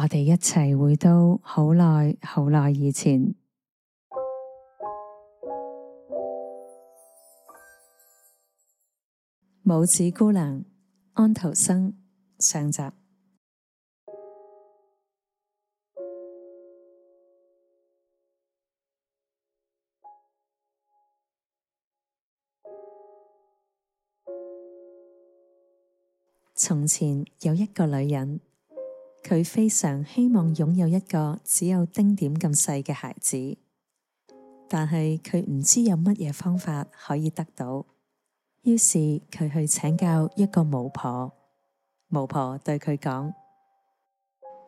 我哋一齊回到好耐好耐以前，《拇指姑娘》安徒生上集。從前有一個女人。佢非常希望擁有一個只有丁點咁細嘅孩子，但係佢唔知有乜嘢方法可以得到，於是佢去請教一個巫婆。巫婆對佢講：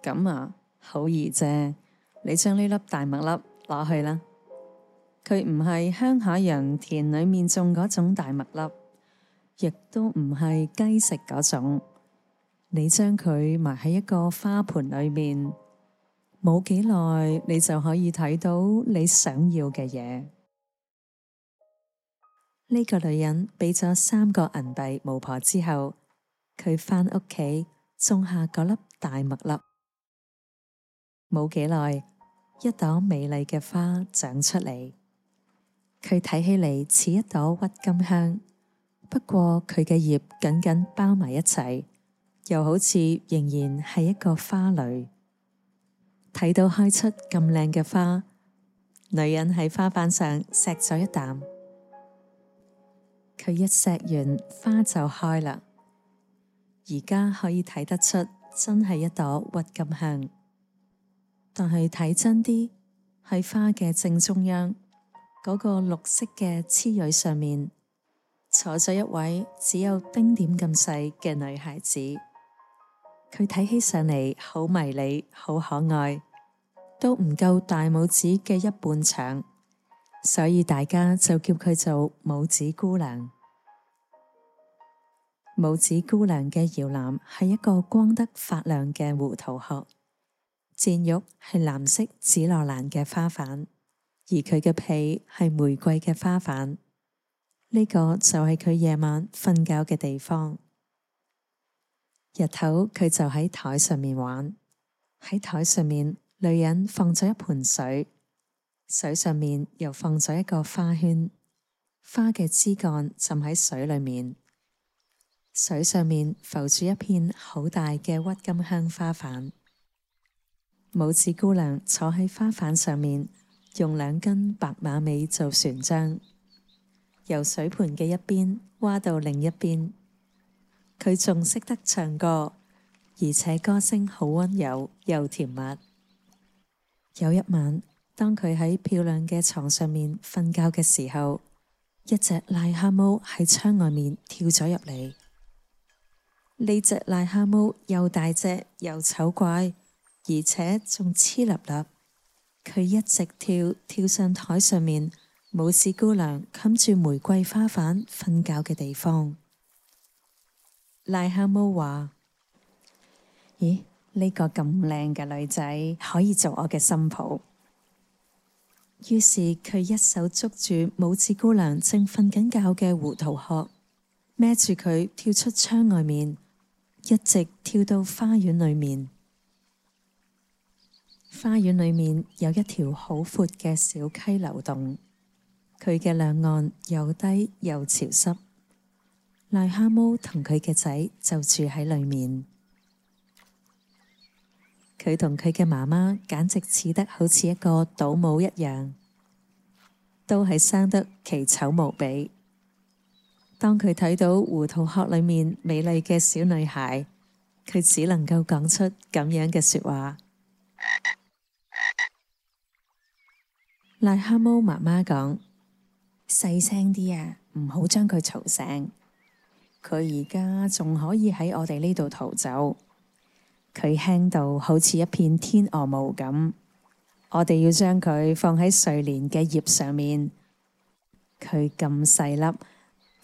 咁啊，好易啫，你將呢粒大麥粒攞去啦。佢唔係鄉下洋田裏面種嗰種大麥粒，亦都唔係雞食嗰種。你將佢埋喺一個花盆裏面，冇幾耐，你就可以睇到你想要嘅嘢。呢個女人畀咗三個銀幣巫婆婆之後，佢返屋企種下嗰粒大麥粒，冇幾耐，一朵美麗嘅花長出嚟。佢睇起嚟似一朵鬱金香，不過佢嘅葉緊緊包埋一齊。又好似仍然係一個花蕾。睇到開出咁靚嘅花，女人喺花瓣上錫咗一啖，佢一錫完花就開啦。而家可以睇得出，真係一朵鬱金香。但係睇真啲，喺花嘅正中央，嗰個綠色嘅雌蕊上面，坐咗一位只有丁點咁細嘅女孩子。佢睇起上嚟好迷你，好可愛，都唔夠大拇指嘅一半長，所以大家就叫佢做拇指姑娘。拇指姑娘嘅搖籃係一個光得發亮嘅胡桃殼，墊褥係藍色紫羅蘭嘅花瓣，而佢嘅被係玫瑰嘅花瓣，呢、呢個就係佢夜晚瞓覺嘅地方。日頭佢就喺台上面玩，喺台上面女人放咗一盆水，水上面又放咗一個花圈，花嘅枝幹浸喺水裏面，水上面浮住一片好大嘅鬱金香花瓣。拇指姑娘坐喺花瓣上面，用兩根白馬尾做船槳，由水盆嘅一邊劃到另一邊。佢仲識得唱歌，而且歌聲好溫柔又甜蜜。有一晚，當佢喺漂亮嘅床上面瞓覺嘅時候，一隻癩蛤蟆喺窗外面跳咗入嚟。呢隻癩蛤蟆又大隻又醜怪，而且仲黐立立。佢一直跳跳上台上面，拇指姑娘冚住玫瑰花瓣瞓覺嘅地方。癩蛤蟆話：，咦，呢個咁靚嘅女仔可以做我嘅新抱。於是佢一手捉住拇指姑娘正瞓緊覺嘅胡桃殼，孭住佢跳出窗外面，一直跳到花園裏面。花園裏面有一條好闊嘅小溪流動，佢嘅兩岸又低又潮濕。癩蛤蟆同佢嘅仔就住喺裏面，佢同佢嘅媽媽簡直似得好似一個倒模一樣，都係生得奇醜無比。當佢睇到胡桃殼裏面美麗嘅小女孩，佢只能夠講出咁樣嘅說話。癩蛤蟆媽媽講：細聲啲啊，唔好將佢吵醒。佢而家仲可以喺我哋呢度逃走，佢輕到好似一片天鵝毛咁。我哋要將佢放喺睡蓮嘅葉上面。佢咁細粒，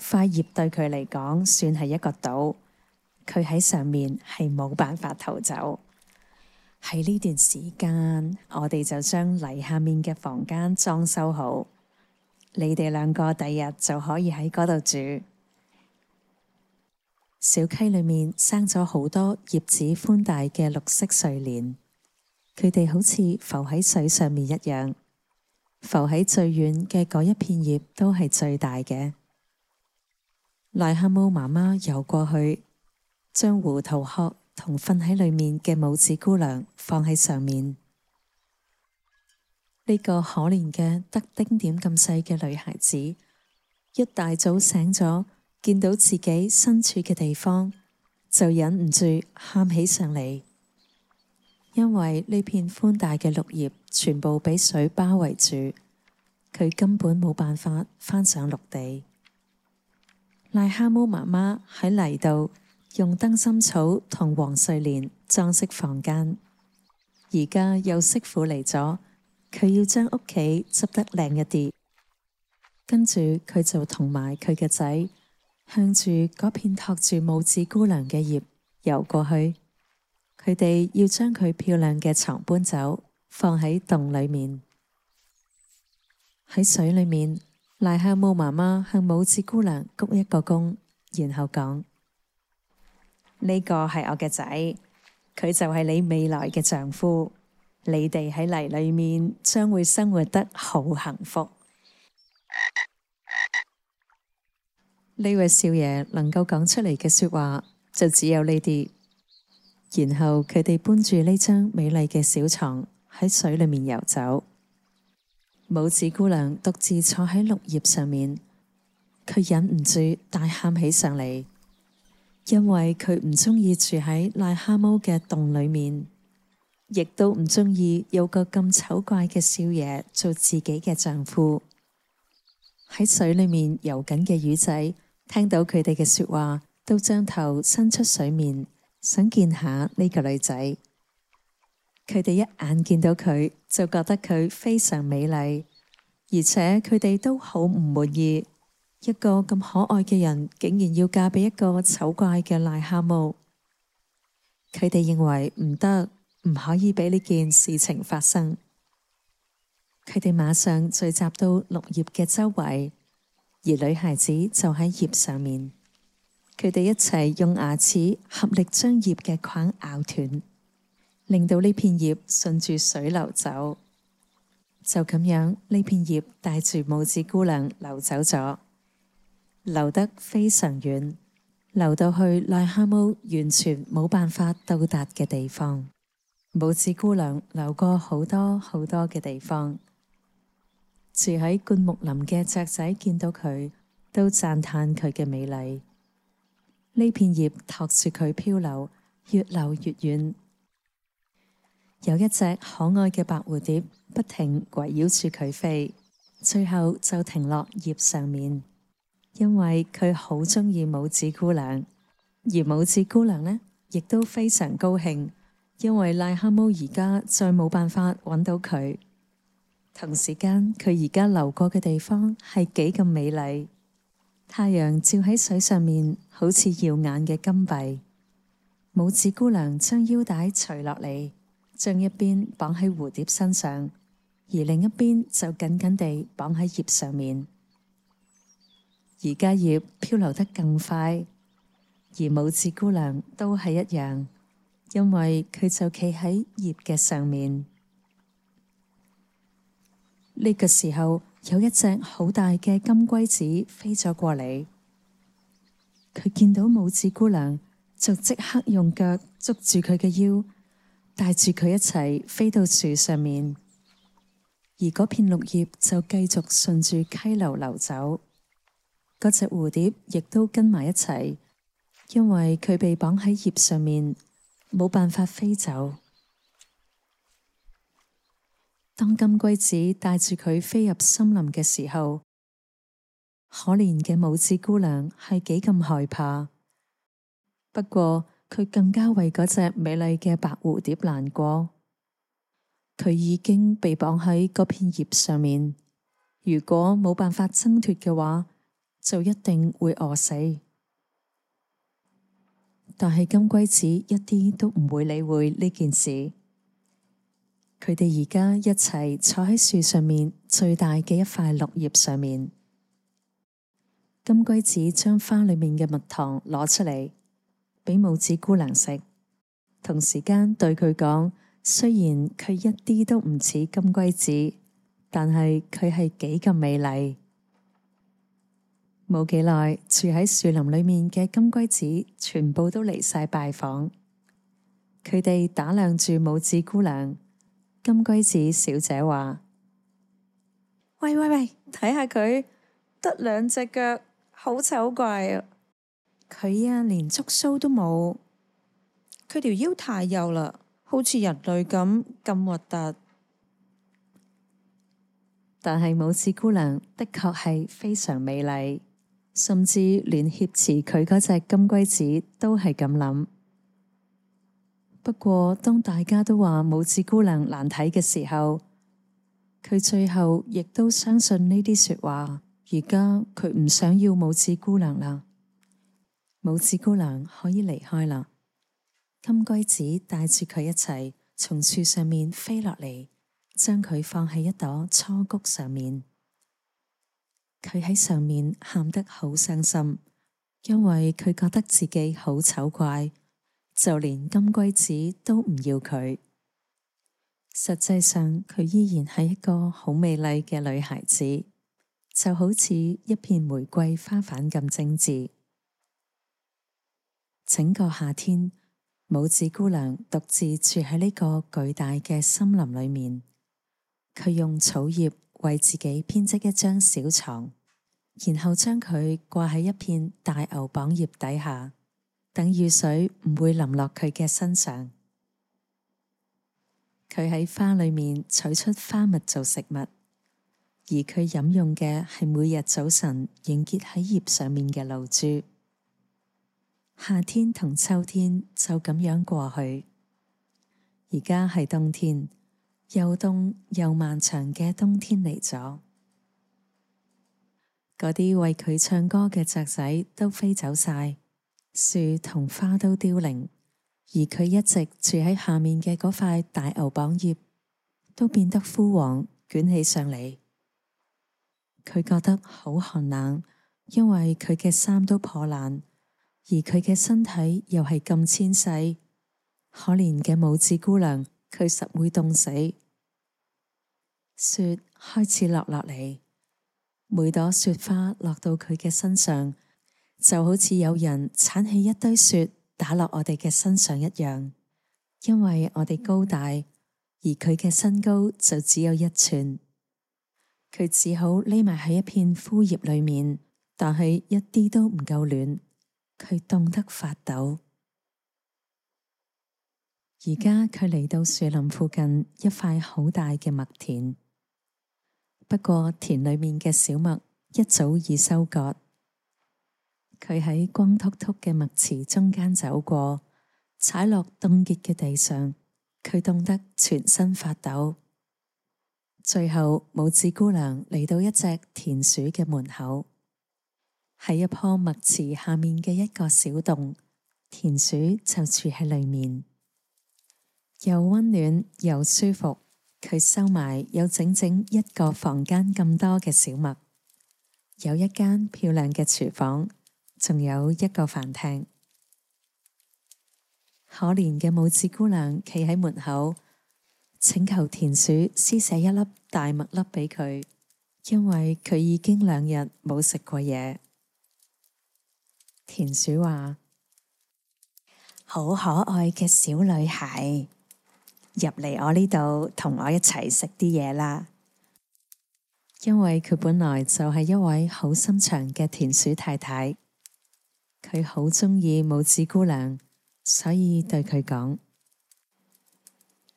塊葉對佢嚟講算係一個島。佢喺上面係冇辦法逃走。喺呢段時間，我哋就將泥下面嘅房間裝修好。你哋兩個第日就可以喺嗰度住。小溪裏面生咗好多葉子寬大嘅綠色睡蓮，佢哋好似浮喺水上面一樣。浮喺最遠嘅嗰一片葉都係最大嘅。癩蛤蟆媽媽游過去，將胡桃殼同瞓喺裏面嘅拇指姑娘放喺上面。呢、這個可憐嘅得丁點咁細嘅女孩子，一大早醒咗。見到自己身處嘅地方，就忍唔住喊起上嚟，因為呢片寬大嘅綠葉全部俾水包圍住，佢根本冇辦法返上陸地。癩蛤蟆媽媽喺泥度用燈芯草同黃睡蓮裝飾房間，而家有媳婦嚟咗，佢要將屋企執得靚一啲，跟住佢就同埋佢嘅仔，向住嗰片托住拇指姑娘嘅葉游過去，佢哋要將佢漂亮嘅床搬走，放喺洞裏面。喺水裏面，癩蛤蟆媽媽向拇指姑娘鞠一個躬，然後講：呢個係我嘅仔，佢就係你未來嘅丈夫，你哋喺泥裏面將會生活得好幸福。呢位少爺能夠講出嚟嘅說話就只有呢啲，然後佢哋搬住呢張美麗嘅小床喺水裏面游走。拇指姑娘獨自坐喺綠葉上面，佢忍唔住大喊起上嚟，因為佢唔中意住喺癩蛤蟆嘅洞裏面，亦都唔中意有個咁醜怪嘅少爺做自己嘅丈夫。喺水裏面游緊嘅魚仔聽到佢哋嘅說話，都將頭伸出水面，想見下呢個女仔。佢哋一眼見到佢，就覺得佢非常美麗，而且佢哋都好唔滿意。一個咁可愛嘅人，竟然要嫁俾一個醜怪嘅癩蛤蟆。佢哋認為唔得，唔可以俾呢件事情發生。佢哋馬上聚集到綠葉嘅周圍。而女孩子就喺葉上面，佢哋一齊用牙齒合力將葉嘅梗咬斷，令到呢片葉順住水流走。就咁樣，呢片葉帶住拇指姑娘流走咗，流得非常遠，流到去癩蛤蟆完全冇辦法到達嘅地方。拇指姑娘流過好多好多嘅地方。住喺灌木林嘅雀仔見到佢，都讚嘆佢嘅美麗。呢片葉托住佢漂流，越流越遠。有一隻可愛嘅白蝴蝶，不停圍繞住佢飛，最後就停落葉上面，因為佢好中意拇指姑娘。而拇指姑娘呢，亦都非常高興，因為癩蛤蟆而家再冇辦法揾到佢。同時間，佢而家流過嘅地方係幾咁美麗。太陽照喺水上面，好似耀眼嘅金幣。拇指姑娘將腰帶垂落嚟，將一邊綁喺蝴蝶身上，而另一邊就緊緊地綁喺葉上面。而家葉漂流得更快，而拇指姑娘都係一樣，因為佢就企喺葉嘅上面。呢個時候有一隻好大嘅金龜子飛咗過嚟，佢見到拇指姑娘就即刻用腳捉住佢嘅腰，帶住佢一齊飛到樹上面，而嗰片綠葉就繼續順住溪流流走，嗰隻蝴蝶亦都跟埋一齊，因為佢被綁喺葉上面，冇辦法飛走。當金龜子帶住佢飛入森林嘅時候，可憐嘅拇指姑娘係幾咁害怕。不過佢更加為嗰隻美麗嘅白蝴蝶難過。佢已經被綁喺嗰片葉上面，如果冇辦法掙脫嘅話，就一定會餓死。但係金龜子一啲都唔會理會呢件事。佢哋而家一齊坐喺樹上面最大嘅一塊綠葉上面。金龜子將花裏面嘅蜜糖攞出嚟畀拇指姑娘食，同時間對佢講：雖然佢一啲都唔似金龜子，但係佢係幾咁美麗。冇幾耐，住喺樹林裏面嘅金龜子全部都嚟晒拜訪。佢哋打量住拇指姑娘。金龜子小姐話：喂喂喂，睇下佢得兩隻腳，好醜怪啊！佢啊，連觸鬚都冇，佢條腰太幼啦，好似人類咁咁核突。但係拇指姑娘的確係非常美麗，甚至連挾持佢嗰隻金龜子都係咁諗。不過，當大家都話拇指姑娘難睇嘅時候，佢最後亦都相信呢啲說話。而家佢唔想要拇指姑娘啦，拇指姑娘可以離開啦。金龜子帶住佢一齊從樹上面飛落嚟，將佢放喺一朵雛菊上，上面。佢喺上面喊得好傷心，因為佢覺得自己好醜怪。就連金龜子都唔要佢，實際上佢依然係一個好美麗嘅女孩子，就好似一片玫瑰花瓣咁精致。整個夏天，拇指姑娘獨自住喺呢個巨大嘅森林裏面，佢用草葉為自己編織一張小床，然後將佢掛喺一片大牛蒡葉底下。等雨水唔會淋落佢嘅身上，佢喺花裏面取出花蜜做食物，而佢飲用嘅係每日早晨凝結喺葉上面嘅露珠。夏天同秋天就咁樣過去，而家係冬天，又凍又漫長嘅冬天嚟咗。嗰啲為佢唱歌嘅雀仔都飛走晒。樹同花都凋零，而佢一直住喺下面嘅嗰塊大牛蒡葉，都變得枯黃捲起上嚟。佢覺得好寒冷，因為佢嘅衫都破爛，而佢嘅身體又係咁纖細，可憐嘅拇指姑娘，佢實會凍死。雪開始落落嚟，每朵雪花落到佢嘅身上。就好似有人鏟起一堆雪打落我哋嘅身上一樣，因為我哋高大，而佢嘅身高就只有一寸，佢只好匿埋喺一片枯葉裏面，但係一啲都唔夠暖，佢凍得發抖。而家佢嚟到樹林附近一塊好大嘅麥田，不過田裏面嘅小麥一早已收割。佢喺光禿禿嘅麥池中間走過，踩落凍結嘅地上，佢凍得全身發抖。最後，拇指姑娘嚟到一隻田鼠嘅門口，喺一棵麥池下面嘅一個小洞，田鼠就住喺裏面，又溫暖又舒服。佢收埋有整整一個房間咁多嘅小麥，有一間漂亮嘅廚房。仲有一個飯廳，可憐嘅拇指姑娘企喺門口，請求田鼠施捨一粒大麥粒俾佢，因為佢已經兩日冇食過嘢。田鼠話：好可愛嘅小女孩，入嚟我呢度同我一齊食啲嘢啦，因為佢本來就係一位好心腸嘅田鼠太太。佢好中意拇指姑娘，所以對佢講：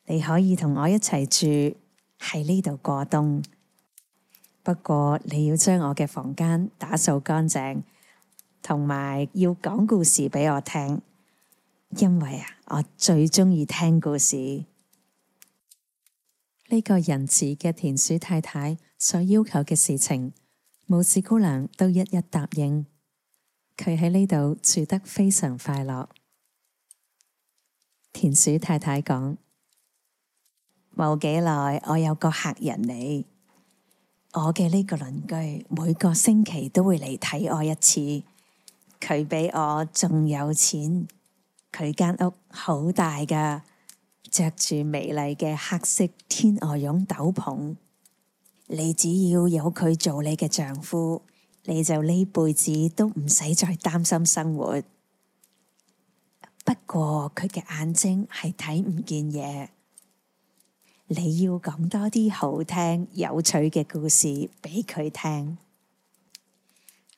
你可以同我一齊住喺呢度過冬。不過你要將我嘅房間打掃乾淨，同埋要講故事俾我聽，因為啊，我最中意聽故事。呢個仁慈嘅田鼠太太所要求嘅事情，拇指姑娘都一一答應。佢喺呢度住得非常快樂。田鼠太太講：冇幾耐，我有個客人嚟。我嘅呢個鄰居每個星期都會嚟睇我一次。佢比我仲有錢。佢間屋好大㗎，着住美麗嘅黑色天鵝絨斗篷。你只要有佢做你嘅丈夫。你就呢輩子都唔使再擔心生活。不過佢嘅眼睛係睇唔見嘢，你要講多啲好聽有趣嘅故事俾佢聽。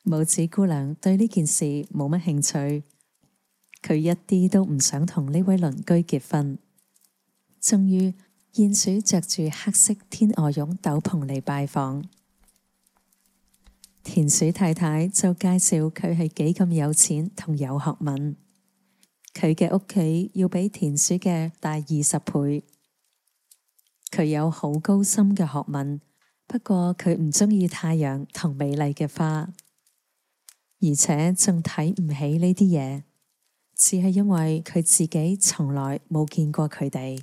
拇指姑娘對呢件事冇乜興趣，佢一啲都唔想同呢位鄰居結婚。終於，鼹鼠着住黑色天鵝絨斗篷嚟拜訪。田鼠太太就介紹佢係幾咁有錢同有學問，佢嘅屋企要比田鼠嘅大二十倍，佢有好高深嘅學問。不過佢唔鍾意太陽同美麗嘅花，而且仲睇唔起呢啲嘢，只係因為佢自己從來冇見過佢哋。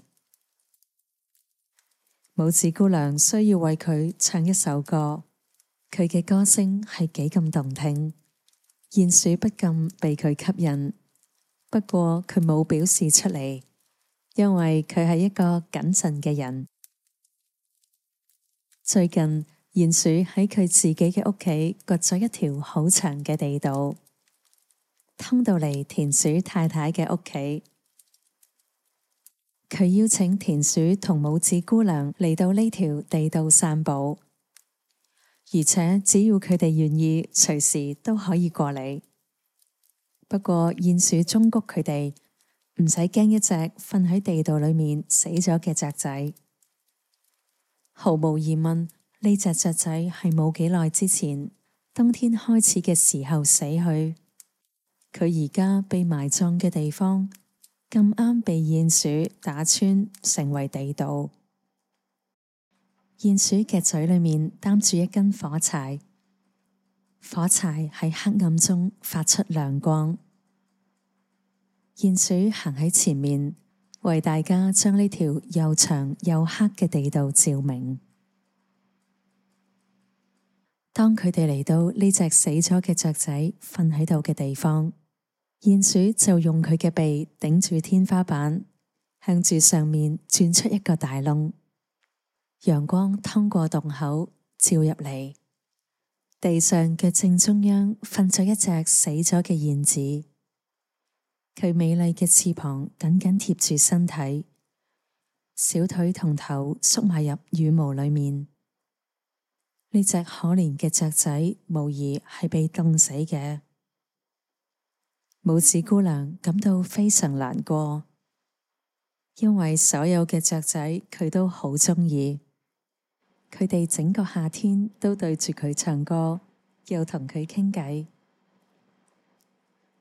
拇指姑娘需要為佢唱一首歌。佢嘅歌聲係幾咁動聽，鼴鼠不禁被佢吸引。不過佢冇表示出嚟，因為佢係一個謹慎嘅人。最近，鼴鼠喺佢自己嘅屋企掘咗一條好長嘅地道，通到嚟田鼠太太嘅屋企。佢邀請田鼠同拇指姑娘嚟到呢條地道散步。而且只要佢哋願意，隨時都可以過嚟。不過鼴鼠忠告佢哋唔使驚一隻瞓喺地道裏面死咗嘅雀仔。毫無疑問，呢隻雀仔係冇幾耐之前冬天開始嘅時候死去。佢而家被埋葬嘅地方，咁啱被鼴鼠打穿，成為地道。鼴鼠嘅嘴裏面擔住一根火柴，火柴喺黑暗中發出亮光。鼴鼠行喺前面，為大家將呢條又長又黑嘅地道照明。當佢哋嚟到呢隻死咗嘅雀仔瞓喺度嘅地方，鼴鼠就用佢嘅鼻頂住天花板，向住上面鑽出一個大窿。陽光通過洞口照入嚟，地上嘅正中央瞓咗一隻死咗嘅燕子。佢美麗嘅翅膀緊緊貼住身體，小腿同頭縮埋入羽毛裏面。呢隻可憐嘅雀仔無疑係被凍死嘅。拇指姑娘感到非常難過，因為所有嘅雀仔佢都好鍾意。佢哋整個夏天都對住佢唱歌，又同佢傾偈。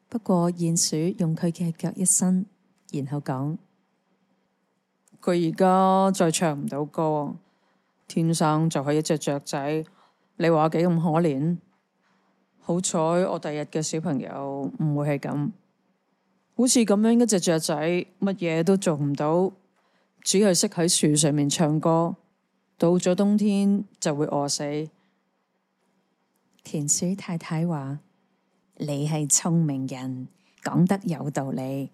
不過鼴鼠用佢嘅腳一伸，然後講：佢而家再唱唔到歌，天生就係一隻雀仔。你話幾咁可憐？好彩我第日嘅小朋友唔會係咁。好似咁樣一隻雀仔，乜嘢都做唔到，只係識喺樹上面唱歌。到咗冬天就會餓死，田鼠太太話：你係聰明人，講得有道理。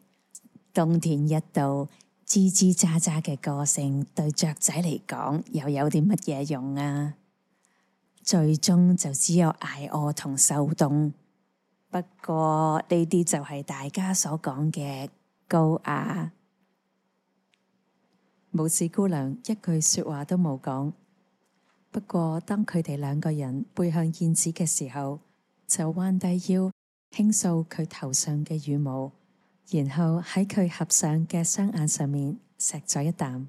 冬天一到，吱吱喳喳嘅個性對雀仔嚟講又有啲乜嘢用啊？最終就只有挨餓同受凍。不過呢啲就係大家所講嘅高雅。拇指姑娘一句說話都冇講，不過當佢哋兩個人背向燕子嘅時候，就彎低腰輕掃佢頭上嘅羽毛，然後喺佢合上嘅雙眼上面錫咗一啖。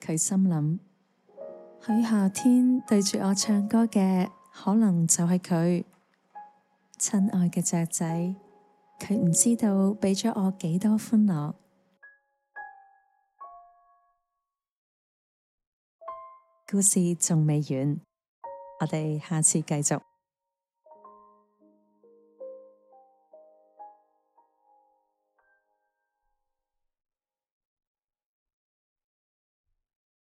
佢心諗：喺夏天對住我唱歌嘅，可能就係佢，親愛嘅雀仔，佢唔知道畀咗我幾多歡樂。故事仲未完，我哋下次繼續。